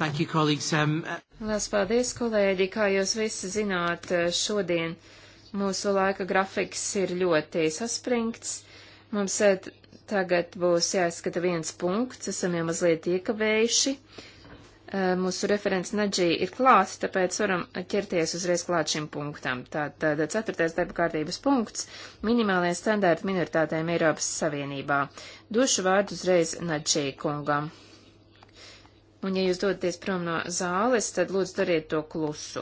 Thank you, colleagues. Um, uh, Lielas paldies, kolēģi. Kā jūs visi zināt, eh, šodien mūsu laika grafiks ir ļoti saspringts. Mums eh, tagad būs jāizskata viens punkts, esam jau mazliet iekavējuši. Eh, mūsu referents Nadžī ir klāts, tāpēc varam ķerties uzreiz klāt šim punktam. Tātad ceturtais darba kārtības punkts - minimālie standārti minoritātēm Eiropas Savienībā. Došu vārdu uzreiz Nadžī kungam. Un ja jūs dodaties prom no zāles, tad lūdzu dariet to klusu.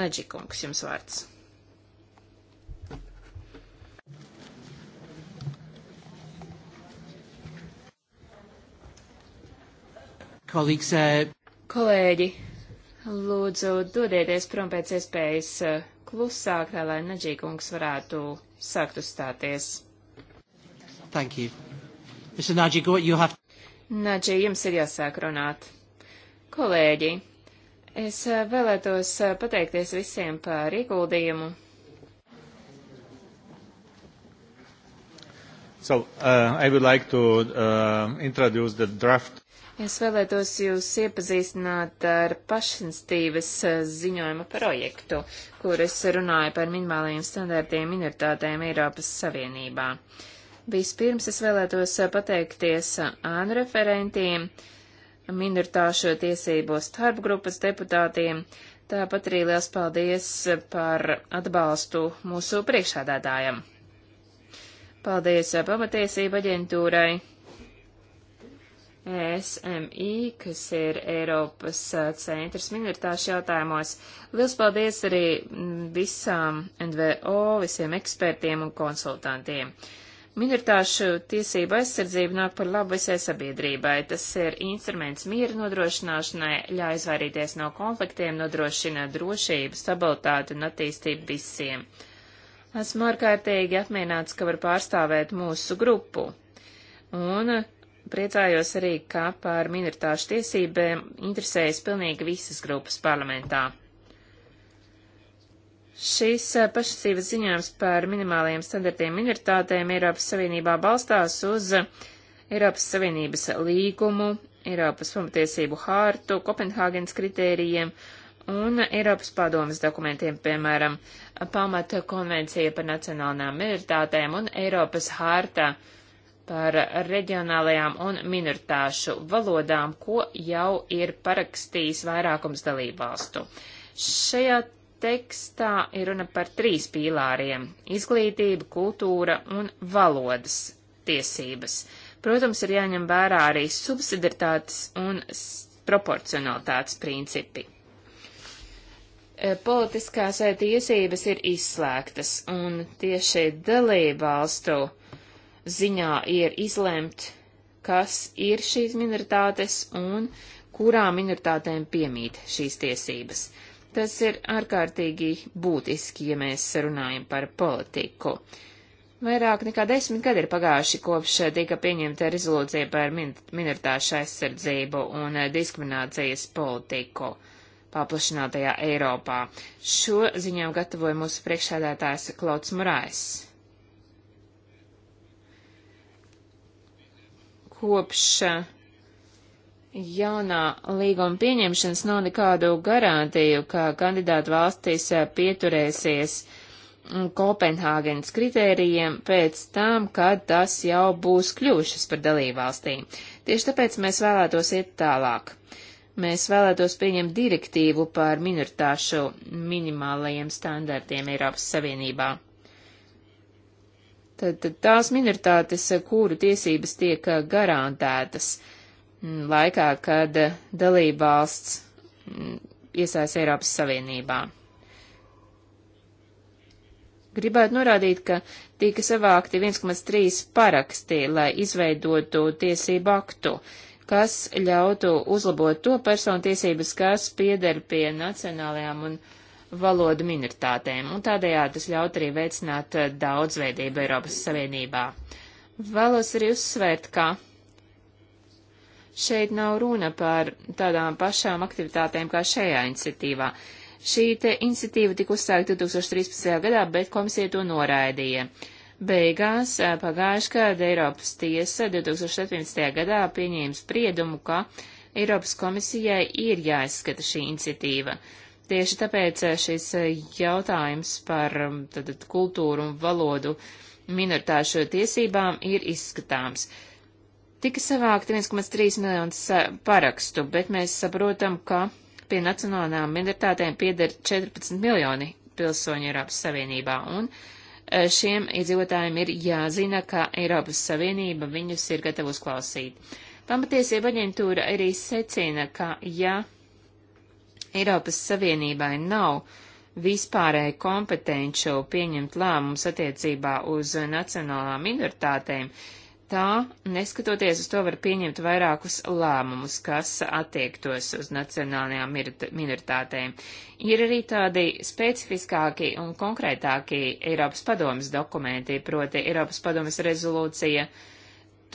Naģikungs jums vārds. Kolīgs, eh, Kolēģi, lūdzu dodieties prom pēc iespējas eh, klusāk, tā lai Naģīkungs varētu sākt uzstāties. Thank you. Mr. Naģi, go, you have. Naģi, jums ir jāsāk runāt. Kolēģi, es eh, vēlētos eh, pateikties visiem par ieguldījumu. So, uh, like to, uh, es vēlētos jūs iepazīstināt ar pašinstīvas eh, ziņojuma projektu, kur es runāju par minimālajiem standartiem minoritātēm Eiropas Savienībā. Vispirms es vēlētos pateikties ānu referentiem. Uh, minoritāšu tiesību starpgrupas deputātiem. Tāpat arī liels paldies par atbalstu mūsu priekšādātājam. Paldies pamatiesība aģentūrai ESMI, kas ir Eiropas centrs minoritāšu jautājumos. Liels paldies arī visām NVO, visiem ekspertiem un konsultantiem. Minoritāšu tiesība aizsardzība nāk par labu visai sabiedrībai. Tas ir instruments miera nodrošināšanai, ļauj izvairīties no konfliktiem, nodrošina drošību, stabilitāti un attīstību visiem. Esmu ārkārtīgi apmierināts, ka var pārstāvēt mūsu grupu. Un priecājos arī, ka par minoritāšu tiesībām interesējas pilnīgi visas grupas parlamentā. Šis eh, pašasības ziņojums par minimālajiem standartiem minoritātēm Eiropas Savienībā balstās uz eh, Eiropas Savienības līgumu, Eiropas pamatiesību hārtu, Kopenhāgenes kritērijiem un Eiropas padomas dokumentiem, piemēram, pamata konvencija par nacionālajām minoritātēm un Eiropas hārta par reģionālajām un minoritāšu valodām, ko jau ir parakstījis vairākums dalībvalstu. Šajā tekstā ir runa par trīs pīlāriem - izglītība, kultūra un valodas tiesības. Protams, ir jāņem vērā arī subsidiritātes un proporcionalitātes principi. E, politiskās e, tiesības ir izslēgtas, un tieši dalību valstu ziņā ir izlemt, kas ir šīs minoritātes un kurām minoritātēm piemīt šīs tiesības. Tas ir ārkārtīgi būtiski, ja mēs runājam par politiku. Vairāk nekā desmit gadi ir pagājuši kopš tika pieņemta rezolūcija par min minoritāšu aizsardzību un eh, diskriminācijas politiku paplašinātajā Eiropā. Šo ziņām gatavoja mūsu priekšsēdētājs Klauds Murais. Kopš jaunā līguma pieņemšanas nav nekādu garantiju, ka kandidātu valstis eh, pieturēsies mm, Kopenhāgenes kritērijiem pēc tam, kad tas jau būs kļuvušas par dalībvalstīm. Tieši tāpēc mēs vēlētos iet tālāk. Mēs vēlētos pieņemt direktīvu par minoritāšu minimālajiem standartiem Eiropas Savienībā. Tad, tad tās minoritātes, kuru tiesības tiek eh, garantētas, uh, Mm, laikā, kad dalībvalsts mm, iesājas Eiropas Savienībā. Gribētu norādīt, ka tika savākti 1,3 paraksti, lai izveidotu tiesību aktu, kas ļautu uzlabot to personu tiesības, kas pieder pie nacionālajām un valodu minoritātēm, un tādējādi tas ļaut arī veicināt eh, daudzveidību Eiropas Savienībā. Vēlos arī uzsvērt, ka Šeit nav runa par tādām pašām aktivitātēm kā šajā iniciatīvā. Šī te iniciatīva tika uzsākta 2013. gadā, bet komisija to noraidīja. Beigās pagājušajā gadā Eiropas tiesa 2017. gadā pieņēma spriedumu, ka Eiropas komisijai ir jāizskata šī iniciatīva. Tieši tāpēc šis jautājums par tad, kultūru un valodu minoritāšu tiesībām ir izskatāms. Tika savākti 1,3 miljonus eh, parakstu, bet mēs saprotam, ka pie nacionālām minoritātēm pieder 14 miljoni pilsoņu Eiropas Savienībā, un eh, šiem iedzīvotājiem ir jāzina, ka Eiropas Savienība viņus ir gatava uzklausīt. Pamatiesība aģentūra arī secina, ka ja Eiropas Savienībai nav vispārēji kompetenču pieņemt lēmumus attiecībā uz nacionālām minoritātēm, tā, neskatoties uz to, var pieņemt vairākus lēmumus, kas attiektos uz nacionālajām minoritātēm. Ir arī tādi specifiskāki un konkrētāki Eiropas padomas dokumenti, proti Eiropas padomas rezolūcija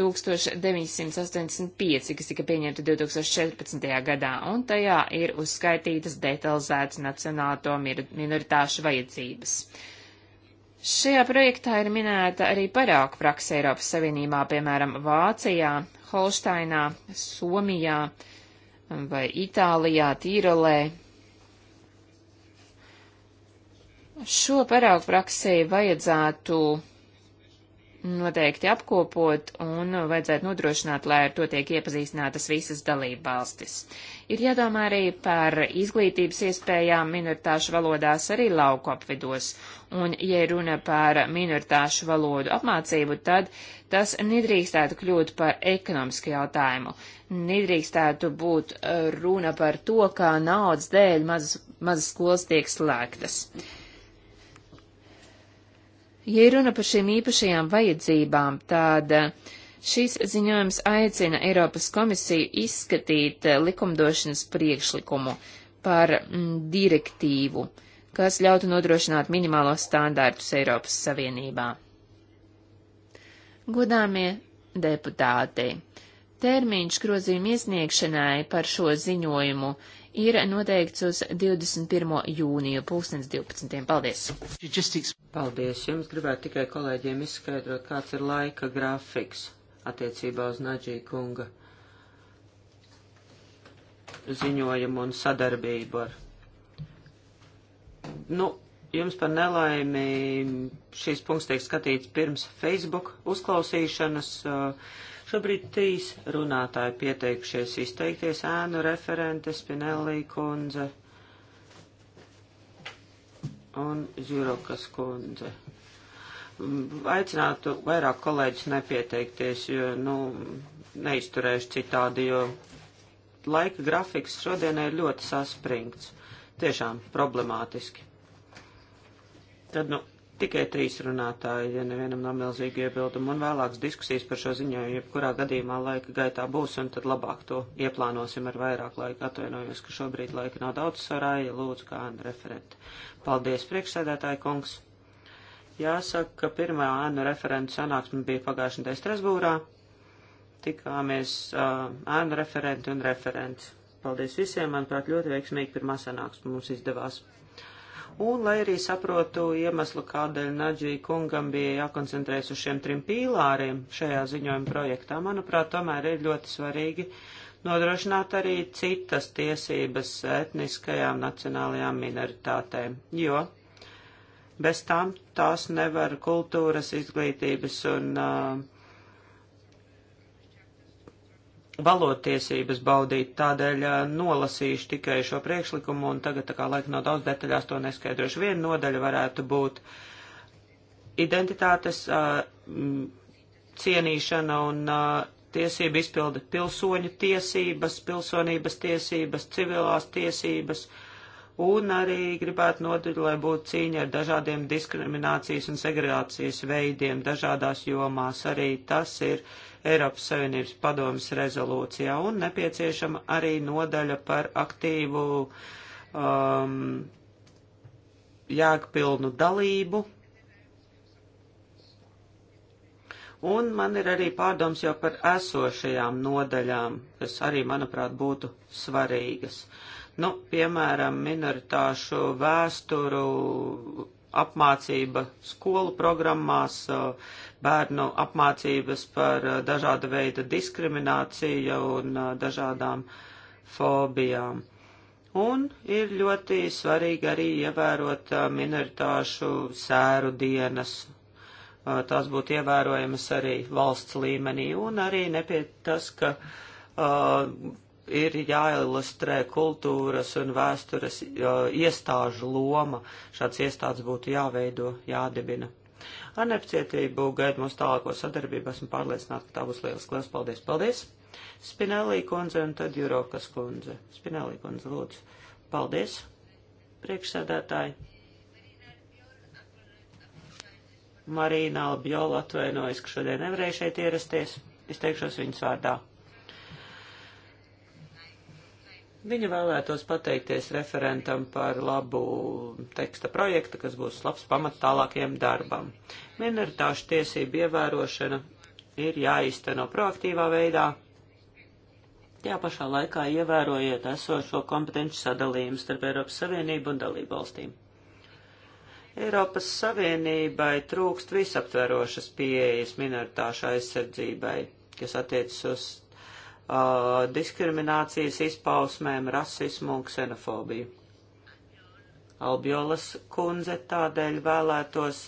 1985, kas tika pieņemta 2014. gadā, un tajā ir uzskaitītas detalizētas nacionālo minoritāšu vajadzības. Šajā projektā ir minēta arī parāku praksa Eiropas Savienībā, piemēram, Vācijā, Holšteinā, Somijā vai Itālijā, Tīrolē. Šo parāku praksē vajadzētu noteikti apkopot un vajadzētu nodrošināt, lai ar to tiek iepazīstinātas visas dalība valstis. Ir jādomā arī par izglītības iespējām minoritāšu valodās arī lauku apvidos, un, ja runa par minoritāšu valodu apmācību, tad tas nedrīkstētu kļūt par ekonomisku jautājumu. Nedrīkstētu būt eh, runa par to, kā naudas dēļ mazas, mazas skolas tiek slēgtas. Mm. Ja runa par šīm īpašajām vajadzībām, tad eh, šīs ziņojums aicina Eiropas komisiju izskatīt eh, likumdošanas priekšlikumu par mm, direktīvu, kas ļautu nodrošināt minimālos standārtus Eiropas Savienībā. Godāmie deputāti, termiņš grozījuma iesniegšanai par šo ziņojumu ir noteikts uz 21. jūniju 2012. Paldies! Paldies! Jums gribētu tikai kolēģiem izskaidrot, kāds ir laika grafiks attiecībā uz Naģī kunga ziņojumu un sadarbību ar. Nu, jums par nelaimi šīs punkts tiek skatīts pirms Facebook uzklausīšanas. Uh, Šobrīd trīs runātāji pieteikušies izteikties - ēnu referente Spinelli kundze un Zyrokas kundze. Aicinātu vairāk kolēģis nepieteikties, jo, nu, neizturēšu citādi, jo laika grafiks šodienai ir ļoti saspringts. Tiešām problemātiski. Tad, nu, tikai trīs runātāji, ja nevienam nav milzīgi iebildumi, un vēlākas diskusijas par šo ziņojumu, jebkurā gadījumā laika gaitā būs, un tad labāk to ieplānosim ar vairāk laika. Atvainojos, ka šobrīd laika nav daudz sarāja, lūdzu, kā referenti. Paldies, priekšsēdētāji kungs! Jāsaka, ka pirmā ēnu referentu sanāksme bija pagājušajā nedēļā Strasbūrā. Tikāmies uh, ēnu referenti un referents. Paldies visiem, manuprāt, ļoti veiksmīgi pirmā sanāksme mums izdevās un lai arī saprotu iemeslu, kādēļ Naģija kungam bija jākoncentrēs uz šiem trim pīlāriem šajā ziņojuma projektā, manuprāt, tomēr ir ļoti svarīgi nodrošināt arī citas tiesības etniskajām nacionālajām minoritātēm, jo bez tām tās nevar kultūras, izglītības un uh, valotiesības baudīt, tādēļ eh, nolasīšu tikai šo priekšlikumu un tagad tā kā laika nav daudz detaļās to neskaidrošu. Viena nodaļa varētu būt identitātes uh, cienīšana un uh, tiesība izpilda pilsoņu tiesības, pilsonības tiesības, civilās tiesības. Uh, un arī gribētu nodaļu, lai būtu cīņa ar dažādiem diskriminācijas un segregācijas veidiem dažādās jomās. Arī tas ir Eiropas Savienības padomas rezolūcijā un nepieciešama arī nodaļa par aktīvu um, jēgpilnu dalību Un man ir arī pārdoms jau par esošajām nodaļām, kas arī, manuprāt, būtu svarīgas. Nu, piemēram, minoritāšu vēsturu apmācība skolu programmās, bērnu apmācības par dažāda veida diskrimināciju un dažādām fobijām. Un ir ļoti svarīgi arī ievērot uh, minoritāšu sēru dienas. Uh, tās būtu ievērojamas arī valsts līmenī un arī nepie tas, ka uh, ir jāilustrē kultūras un vēstures uh, iestāžu loma. Šāds iestādes būtu jāveido, jādibina. Ar nepacietību gaidu mūsu tālāko sadarbību. Esmu pārliecināta, ka tā būs liels. Lielas paldies! Paldies! Spinelī kundze un tad Jurokas kundze. Spinelī kundze, lūdzu. Paldies, priekšsēdētāji. Marīna Albiola atvainojas, ka šodien nevarēja šeit ierasties. Es teikšos viņas vārdā. Viņa vēlētos pateikties referentam par labu teksta projektu, kas būs labs pamat tālākiem darbam. Minoritāšu tiesību ievērošana ir jāizteno proaktīvā veidā. Tajā pašā laikā ievērojiet esošo kompetenci sadalījumu starp Eiropas Savienību un dalību valstīm. Eiropas Savienībai trūkst visaptverošas pieejas minoritāšu aizsardzībai, kas attiecas uz uh, diskriminācijas izpausmēm, rasismu un ksenofobiju. Albiolas kundze tādēļ vēlētos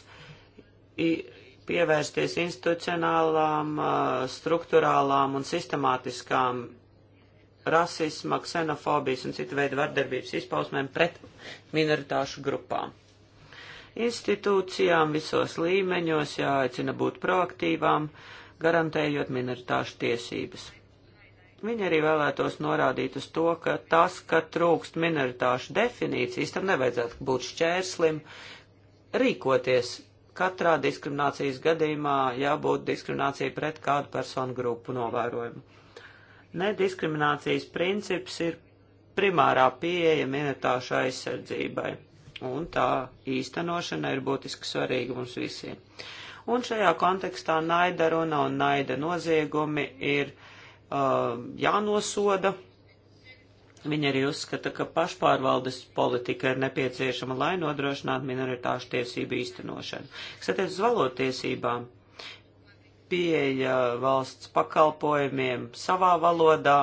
pievērsties institucionālām, uh, struktūrālām un sistemātiskām rasisma, ksenofobijas un citu veidu vardarbības izpausmēm pret minoritāšu grupām. Institūcijām visos līmeņos jāaicina būt proaktīvām, garantējot minoritāšu tiesības. Viņa arī vēlētos norādīt uz to, ka tas, ka trūkst minoritāšu definīcijas, tam nevajadzētu būt šķērslim rīkoties. Katrā diskriminācijas gadījumā jābūt diskriminācijai pret kādu personu grupu novērojumu. Nediskriminācijas princips ir primārā pieeja minoritāšu aizsardzībai, un tā īstenošana ir būtiski svarīga mums visiem. Un šajā kontekstā naida runa un naida noziegumi ir Um, jānosoda. Viņa arī uzskata, ka pašpārvaldes politika ir nepieciešama, lai nodrošinātu minoritāšu tiesību īstenošanu. Kas attiec uz valotiesībām, pieeja valsts pakalpojumiem savā valodā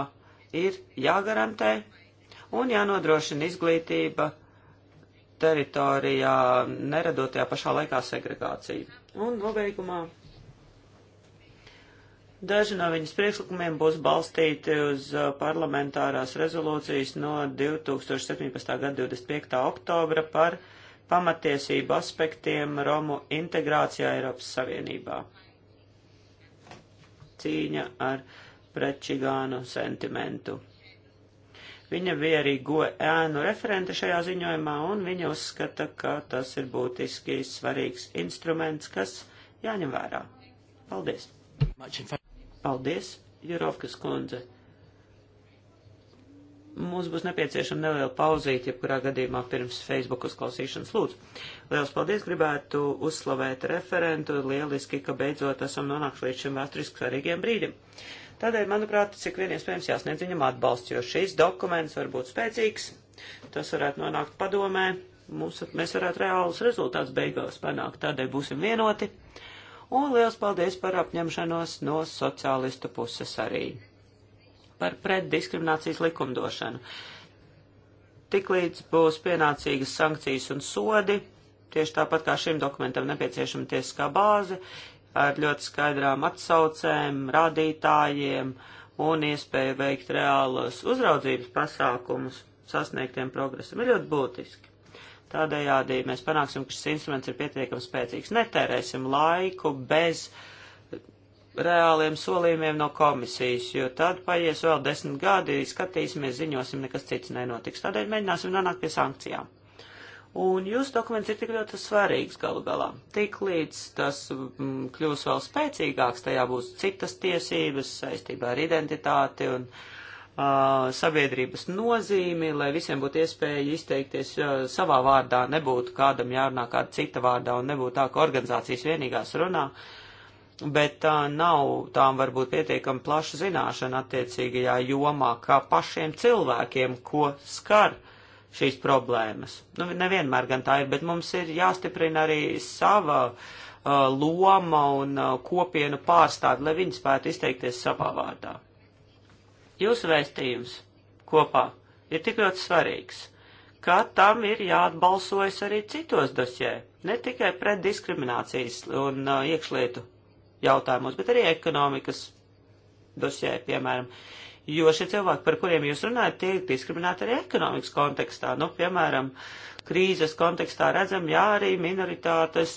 ir jāgarantē un jānodrošina izglītība teritorijā, neradot tajā pašā laikā segregāciju. Un nobeigumā. Nu, Daži no viņas priekšlikumiem būs balstīti uz uh, parlamentārās rezolūcijas no 2017. gada 25. oktobra par pamatiesību aspektiem Romu integrācijā Eiropas Savienībā. Cīņa ar prečigānu sentimentu. Viņa bija arī e ēnu referente šajā ziņojumā, un viņa uzskata, ka tas ir būtiski svarīgs instruments, kas jāņem vērā. Paldies! Much in fact. Paldies, Jurovkas kundze. Mums būs nepieciešama neliela pauzīte, jebkurā gadījumā pirms Facebook uzklausīšanas lūdzu. Liels paldies, gribētu uzslavēt referentu, lieliski, ka beidzot esam nonākuši līdz šim vēsturiski svarīgiem brīdim. Tādēļ, manuprāt, cik vien iespējams jāsniedz viņam atbalsts, jo šīs dokuments var būt spēcīgs, tas varētu nonākt padomē, mums, mēs varētu reālus rezultātus beigās panākt, tādēļ būsim vienoti. Uh, un liels paldies par apņemšanos no sociālistu puses arī par pretdiskriminācijas likumdošanu. Tiklīdz būs pienācīgas sankcijas un sodi, tieši tāpat kā šim dokumentam nepieciešama tiesiskā bāze, ar ļoti skaidrām atsaucēm, rādītājiem un iespēju veikt reālus uzraudzības pasākumus sasniegtiem progresam, ir ļoti būtiski. Tādējādi mēs panāksim, ka šis instruments ir pietiekami spēcīgs. Netērēsim laiku bez reāliem solījumiem no komisijas, jo tad paies vēl desmit gadi, skatīsimies, ziņosim, nekas cits nenotiks. Tādēļ mēģināsim nonākt pie sankcijām. Un jūsu dokuments ir tik ļoti svarīgs galu galā. Tik līdz tas mm, kļūs vēl spēcīgāks, tajā būs citas tiesības saistībā ar identitāti un uh, sabiedrības nozīmi, lai visiem būtu iespēja izteikties savā vārdā, nebūtu kādam jārunā kāda cita vārdā un nebūtu tā, ka organizācijas vienīgās runā, bet tā nav tām varbūt pietiekami plaša zināšana attiecīgajā jomā, kā pašiem cilvēkiem, ko skar šīs problēmas. Nu, nevienmēr gan tā ir, bet mums ir jāstiprina arī sava uh, loma un uh, kopienu pārstāvi, lai viņi spētu izteikties savā vārdā. Jūsu vēstījums kopā ir tik ļoti svarīgs, ka tam ir jāatbalsojas arī citos dosjē, ne tikai pret diskriminācijas un uh, iekšlietu jautājumos, bet arī ekonomikas dosjē, piemēram. Jo šie cilvēki, par kuriem jūs runājat, tiek diskriminēti arī ekonomikas kontekstā. Nu, piemēram, krīzes kontekstā redzam, jā, arī minoritātes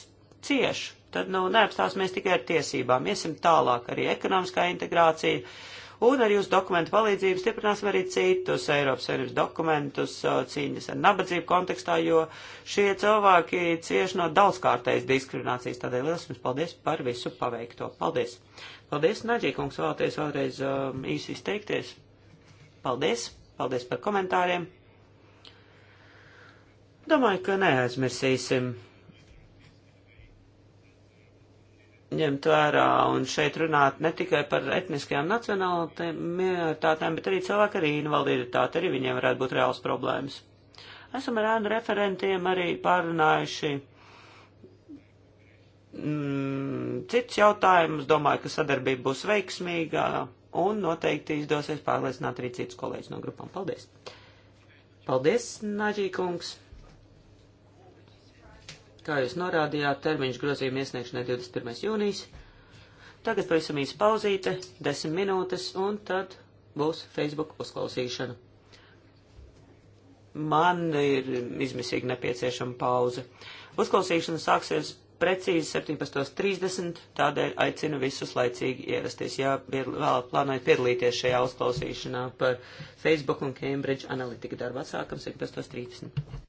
cieš. Tad, nu, neapstāsimies tikai ar tiesībām, iesim tālāk arī ekonomiskā integrācija. Uh, un ar jūsu dokumentu palīdzību stiprināsim arī citus Eiropas Savienības dokumentus cīņas ar nabadzību kontekstā, jo šie cilvēki cieš no daudzkārtējas diskriminācijas. Tādēļ liels jums paldies par visu paveikto. Paldies! Paldies, Naģīkungs, vēlaties vēlreiz um, īsi izteikties. Paldies! Paldies par komentāriem! Domāju, ka neaizmirsīsim ņemt vērā un šeit runāt ne tikai par etniskajām nacionālitātēm, bet arī cilvēku ar invaliditāti, arī viņiem varētu būt reāls problēmas. Esam ar ēnu referentiem arī pārunājuši mm, cits jautājums, domāju, ka sadarbība būs veiksmīga un noteikti izdosies pārliecināt arī citus kolēģus no grupām. Paldies! Paldies, Naģī kungs! Kā jūs norādījāt, termiņš grozījuma iesniegšanai 21. jūnijas. Tagad pavisam īsa pauzīte, 10 minūtes, un tad būs Facebook uzklausīšana. Man ir izmisīgi nepieciešama pauze. Uzklausīšana sāksies precīzi 17.30, tādēļ aicinu visus laicīgi ierasties, ja vēl plānojat piedalīties šajā uzklausīšanā par Facebook un Cambridge analītika darbu atsākam 17.30.